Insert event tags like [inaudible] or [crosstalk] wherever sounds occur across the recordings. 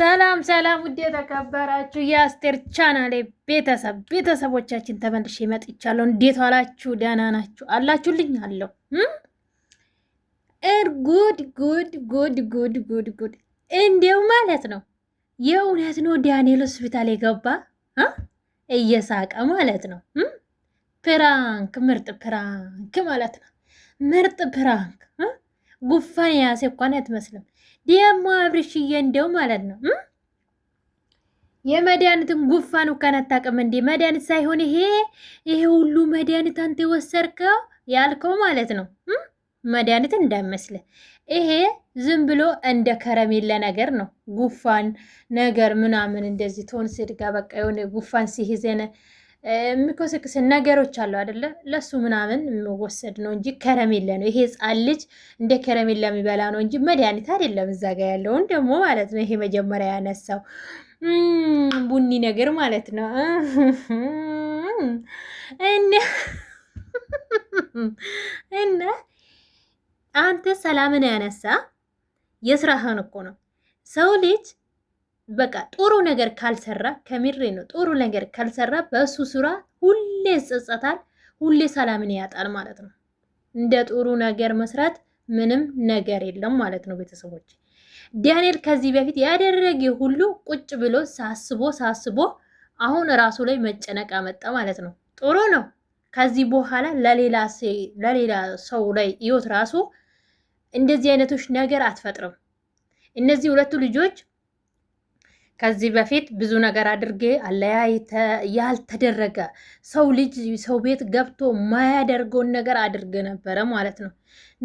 ሰላም ሰላም፣ ውድ የተከበራችሁ የአስቴር ቻናሌ ቤተሰብ ቤተሰቦቻችን ተመልሼ መጥቻለሁ። እንዴት ዋላችሁ? ደህና ናችሁ? አላችሁልኝ አለሁ። ጉድ ጉድ ጉድ ጉድ ጉድ ጉድ! እንዲያው ማለት ነው የእውነት ነው ዳንኤል ሆስፒታል የገባ እየሳቀ ማለት ነው። ፕራንክ ምርጥ ፕራንክ ማለት ነው። ምርጥ ፕራንክ ጉፋን ያሴ እንኳን አትመስልም። ደግሞ አብርሽዬ እንደው ማለት ነው የመድኃኒትን ጉፋን እንኳን አታውቅም እንዴ? መድኃኒት ሳይሆን ይሄ ይሄ ሁሉ መድኃኒት አንተ የወሰድከው ያልከው ማለት ነው። መድኃኒት እንዳይመስል ይሄ ዝም ብሎ እንደ ከረሜላ ነገር ነው። ጉፋን ነገር ምናምን እንደዚህ ቶን ስድጋ በቃ የሆነ ጉፋን ሲይዘን የሚኮሰክስ ነገሮች አለው አደለ? ለሱ ምናምን የሚወሰድ ነው እንጂ ከረሜለ ነው። ይሄ ህፃን ልጅ እንደ ከረሜላ የሚበላ ነው እንጂ መድኃኒት አይደለም። እዛ ጋ ያለውን ደግሞ ማለት ነው ይሄ መጀመሪያ ያነሳው ቡኒ ነገር ማለት ነው እና አንተ ሰላምን ያነሳ የስራህን እኮ ነው ሰው ልጅ በቃ ጥሩ ነገር ካልሰራ ከሚሬ ነው። ጥሩ ነገር ካልሰራ በእሱ ስራ ሁሌ ይጸጸታል፣ ሁሌ ሰላምን ያጣል ማለት ነው። እንደ ጥሩ ነገር መስራት ምንም ነገር የለም ማለት ነው። ቤተሰቦች ዳንኤል ከዚህ በፊት ያደረገ ሁሉ ቁጭ ብሎ ሳስቦ ሳስቦ አሁን እራሱ ላይ መጨነቅ አመጣ ማለት ነው። ጥሩ ነው። ከዚህ በኋላ ለሌላ ሰው ላይ ህይወት ራሱ እንደዚህ አይነቶች ነገር አትፈጥርም። እነዚህ ሁለቱ ልጆች ከዚህ በፊት ብዙ ነገር አድርጌ አለያይተ ያልተደረገ ሰው ልጅ ሰው ቤት ገብቶ ማያደርገውን ነገር አድርጌ ነበረ ማለት ነው።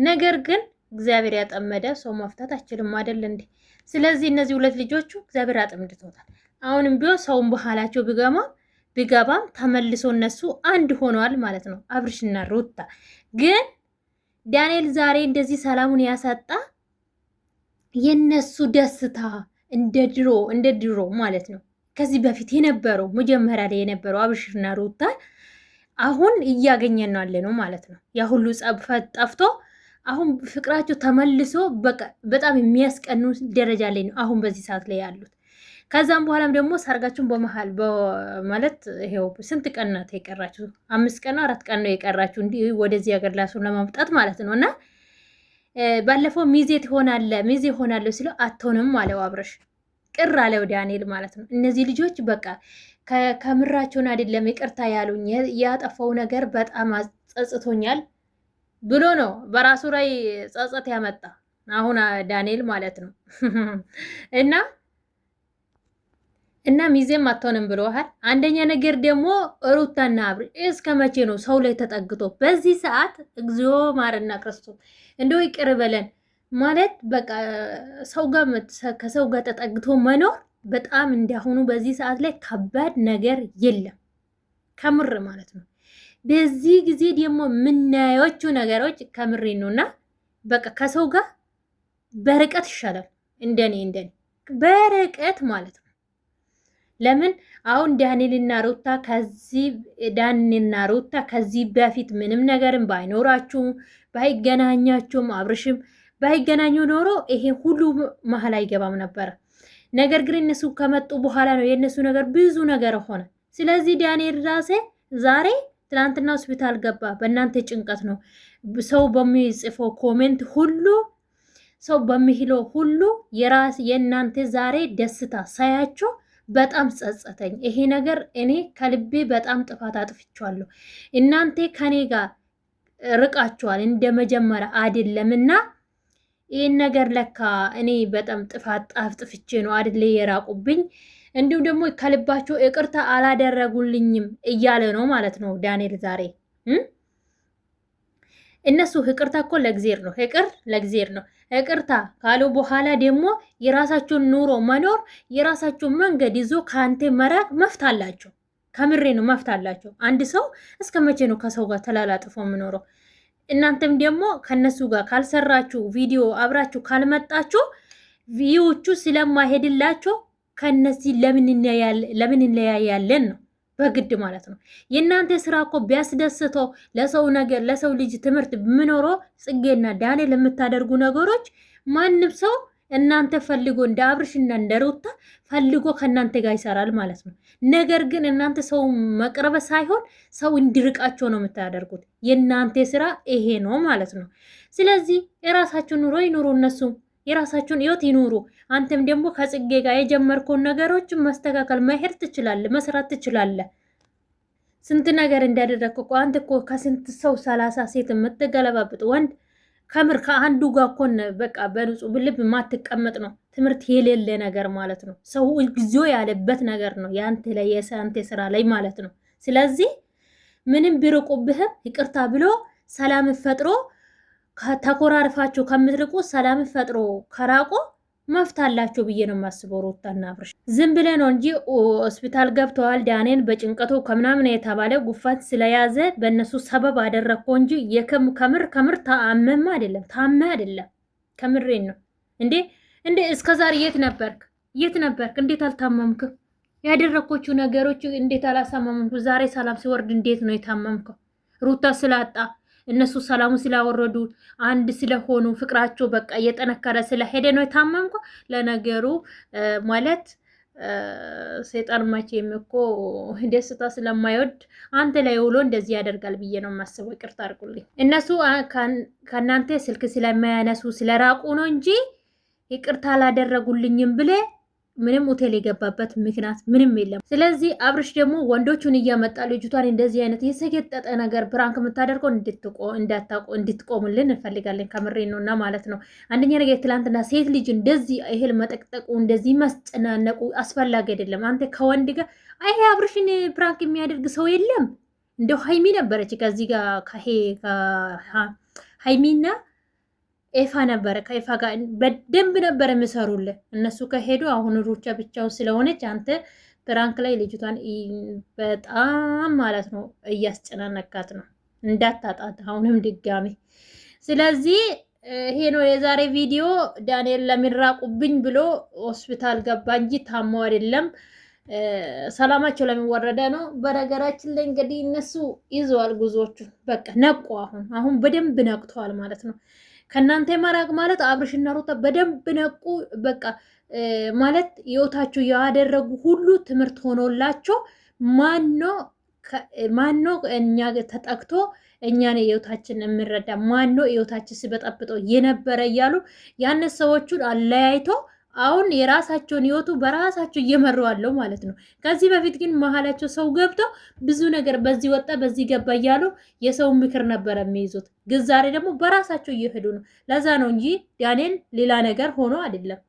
ነገር ግን እግዚአብሔር ያጠመደ ሰው መፍታት አይችልም አይደል እንዴ? ስለዚህ እነዚህ ሁለት ልጆቹ እግዚአብሔር አጠምድቶታል። አሁንም ቢሆን ሰውን በኋላቸው ቢገማ ቢገባም ተመልሶ እነሱ አንድ ሆነዋል ማለት ነው። አብርሽና ሩታ ግን ዳንኤል ዛሬ እንደዚህ ሰላሙን ያሳጣ የነሱ ደስታ እንደ ድሮ እንደ ድሮ ማለት ነው። ከዚህ በፊት የነበረው መጀመሪያ ላይ የነበረው አብሽርና ሩታ አሁን እያገኘን ነው ያለ ነው ማለት ነው። ያ ሁሉ ጸብፈት ጠፍቶ አሁን ፍቅራቸው ተመልሶ በጣም የሚያስቀኑ ደረጃ ላይ ነው አሁን በዚህ ሰዓት ላይ ያሉት። ከዛም በኋላም ደግሞ ሰርጋችሁን በመሀል ማለት ይሄው ስንት ቀን ናት የቀራችሁ? አምስት ቀን ነው አራት ቀን ነው የቀራችሁ እንዲህ ወደዚህ ሀገር ላሱን ለማምጣት ማለት ነው እና ባለፈው ሚዜ ትሆናለ ሚዜ ሆናለሁ ሲለው አትሆንም አለው አብረሽ ቅር አለው ዳንኤል ማለት ነው። እነዚህ ልጆች በቃ ከምራቸውን አይደለም ይቅርታ ያሉኝ ያጠፋው ነገር በጣም ጸጽቶኛል ብሎ ነው በራሱ ላይ ጸጸት ያመጣ አሁን ዳንኤል ማለት ነው [laughs] እና እና ሚዜም አትሆንም ብለሃል። አንደኛ ነገር ደግሞ ሩታና አብሬ እስከ መቼ ነው ሰው ላይ ተጠግቶ? በዚህ ሰዓት እግዚኦ ማርና ክርስቶስ እንደው ይቅር በለን ማለት በቃ ሰው ጋር ከሰው ጋር ተጠግቶ መኖር በጣም እንዳሁኑ በዚህ ሰዓት ላይ ከባድ ነገር የለም ከምር ማለት ነው። በዚህ ጊዜ ደግሞ የምናዮቹ ነገሮች ከምሬ ነውና በቃ ከሰው ጋር በርቀት ይሻላል። እንደኔ እንደኔ በርቀት ማለት ነው። ለምን አሁን ዳንኤልና ሩታ ከዚህ ዳንኤልና ሩታ ከዚህ በፊት ምንም ነገርም ባይኖራችሁም ባይገናኛችሁም አብርሽም ባይገናኙ ኖሮ ይሄ ሁሉ መሀል አይገባም ነበረ። ነገር ግን እነሱ ከመጡ በኋላ ነው የእነሱ ነገር ብዙ ነገር ሆነ። ስለዚህ ዳንኤል ራሴ ዛሬ ትናንትና ሆስፒታል ገባ። በእናንተ ጭንቀት ነው። ሰው በሚጽፈው ኮሜንት ሁሉ ሰው በሚለው ሁሉ የራስ የእናንተ ዛሬ ደስታ ሳያቸው በጣም ጸጸተኝ። ይሄ ነገር እኔ ከልቤ በጣም ጥፋት አጥፍቻለሁ። እናንተ ከኔ ጋር ርቃችኋል፣ እንደ መጀመሪያ አይደለምና ይህን ነገር ለካ እኔ በጣም ጥፋት አጥፍቼ ነው አይደል የራቁብኝ። እንዲሁም ደግሞ ከልባቸው ይቅርታ አላደረጉልኝም እያለ ነው ማለት ነው ዳንኤል ዛሬ እነሱ ይቅርታ እኮ ለእግዜር ነው፣ ይቅር ለእግዜር ነው። ይቅርታ ካሉ በኋላ ደግሞ የራሳቸውን ኑሮ መኖር የራሳቸውን መንገድ ይዞ ከአንተ መራቅ መፍት አላቸው። ከምሬ ነው መፍት አላቸው። አንድ ሰው እስከ መቼ ነው ከሰው ጋር ተላላጥፎ የምኖረው? እናንተም ደግሞ ከነሱ ጋር ካልሰራችሁ፣ ቪዲዮ አብራችሁ ካልመጣችሁ ቪዎቹ ስለማሄድላቸው ከነዚህ ለምን እንለያያለን ነው በግድ ማለት ነው። የእናንተ ስራ እኮ ቢያስደስተው ለሰው ነገር ለሰው ልጅ ትምህርት ምኖሮ ጽጌና ዳኔ ለምታደርጉ ነገሮች ማንም ሰው እናንተ ፈልጎ እንደ አብርሽና እንደ ሩታ ፈልጎ ከእናንተ ጋር ይሰራል ማለት ነው። ነገር ግን እናንተ ሰው መቅረበ ሳይሆን ሰው እንዲርቃቸው ነው የምታደርጉት። የእናንተ ስራ ይሄ ነው ማለት ነው። ስለዚህ የራሳቸው ኑሮ ይኑሩ እነሱም የራሳችሁን ህይወት ይኑሩ። አንተም ደግሞ ከጽጌ ጋር የጀመርከውን ነገሮችን መስተካከል መሄድ ትችላለ፣ መስራት ትችላለ። ስንት ነገር እንዳደረግ እኮ አንተ እኮ ከስንት ሰው ሰላሳ ሴት የምትገለባብጥ ወንድ ከምር ከአንዱ ጋር እኮን በቃ በንጹህ ልብ ማትቀመጥ ነው። ትምህርት የሌለ ነገር ማለት ነው። ሰው ጊዜ ያለበት ነገር ነው የአንተ ላይ የአንተ ስራ ላይ ማለት ነው። ስለዚህ ምንም ቢርቁብህም ይቅርታ ብሎ ሰላም ፈጥሮ ተኮራርፋችሁ ከምትርቁ ሰላም ፈጥሮ ከራቆ አላቸው ብዬ ነው የማስበው። ሩታና አብርሽ ዝም ብለ ነው እንጂ ሆስፒታል ገብተዋል ዳኔን በጭንቀቱ ከምናምን የተባለ ጉፋት ስለያዘ በእነሱ ሰበብ አደረግኮ እንጂ ከምር ከምር ታመም አይደለም ታመ አይደለም። ከምሬን ነው እንዴ እንዴ! እስከዛሬ የት ነበርክ? የት ነበርክ? እንዴት አልታመምክም? ያደረግኮቹ ነገሮች እንዴት አላሳመምኩ? ዛሬ ሰላም ሲወርድ እንዴት ነው የታመምከው? ሩታ ስላጣ እነሱ ሰላሙ ስላወረዱ አንድ ስለሆኑ ፍቅራቸው በቃ እየጠነከረ ስለሄደ ነው የታመምኩ። ለነገሩ ማለት ሰይጣን መቼም እኮ ደስታ ስለማይወድ አንተ ላይ ውሎ እንደዚህ ያደርጋል ብዬ ነው የማስበው። ይቅርታ አድርጉልኝ። እነሱ ከእናንተ ስልክ ስለማያነሱ ስለራቁ ነው እንጂ ይቅርታ አላደረጉልኝም ብለ ምንም ሆቴል የገባበት ምክንያት ምንም የለም። ስለዚህ አብርሽ ደግሞ ወንዶቹን እያመጣ ልጅቷን እንደዚህ አይነት የሰገጠጠ ነገር ብራንክ የምታደርገው እንድትቆሙልን እንፈልጋለን። ከምሬ ነው እና ማለት ነው። አንደኛ ነገር ትላንትና ሴት ልጅ እንደዚህ ይህል መጠቅጠቁ፣ እንደዚህ መስጨናነቁ አስፈላጊ አይደለም። አንተ ከወንድ ጋር ይሄ አብርሽን ብራንክ የሚያደርግ ሰው የለም። እንደው ሀይሚ ነበረች ከዚህ ጋር ሀይሚና ኤፋ ነበረ። ከኤፋ ጋር በደንብ ነበር የምሰሩልህ። እነሱ ከሄዱ አሁን ሩቻ ብቻውን ስለሆነች አንተ ፕራንክ ላይ ልጅቷን በጣም ማለት ነው እያስጨናነካት ነው እንዳታጣት አሁንም ድጋሚ። ስለዚህ ይሄ ነው የዛሬ ቪዲዮ። ዳንኤል ለሚራቁብኝ ብሎ ሆስፒታል ገባ እንጂ ታሞ አይደለም። ሰላማቸው ለሚወረደ ነው። በነገራችን ላይ እንግዲህ እነሱ ይዘዋል ጉዞቹ፣ በቃ ነቁ። አሁን አሁን በደንብ ነቅተዋል ማለት ነው። ከእናንተ መራቅ ማለት አብርሽና ሩታ በደንብ ነቁ። በቃ ማለት ህይወታቸው ያደረጉ ሁሉ ትምህርት ሆኖላቸው ማኖ እኛ ተጠቅቶ እኛን ህይወታችን የምንረዳ ማኖ ህይወታችን ሲበጠብጠው የነበረ እያሉ ያነ ሰዎቹን አለያይተው አሁን የራሳቸውን ህይወቱ በራሳቸው እየመሩ አለው ማለት ነው። ከዚህ በፊት ግን መሀላቸው ሰው ገብተው ብዙ ነገር በዚህ ወጣ በዚህ ገባ እያሉ የሰውን ምክር ነበር የሚይዙት። ግን ዛሬ ደግሞ በራሳቸው እየሄዱ ነው። ለዛ ነው እንጂ ያኔን ሌላ ነገር ሆኖ አይደለም።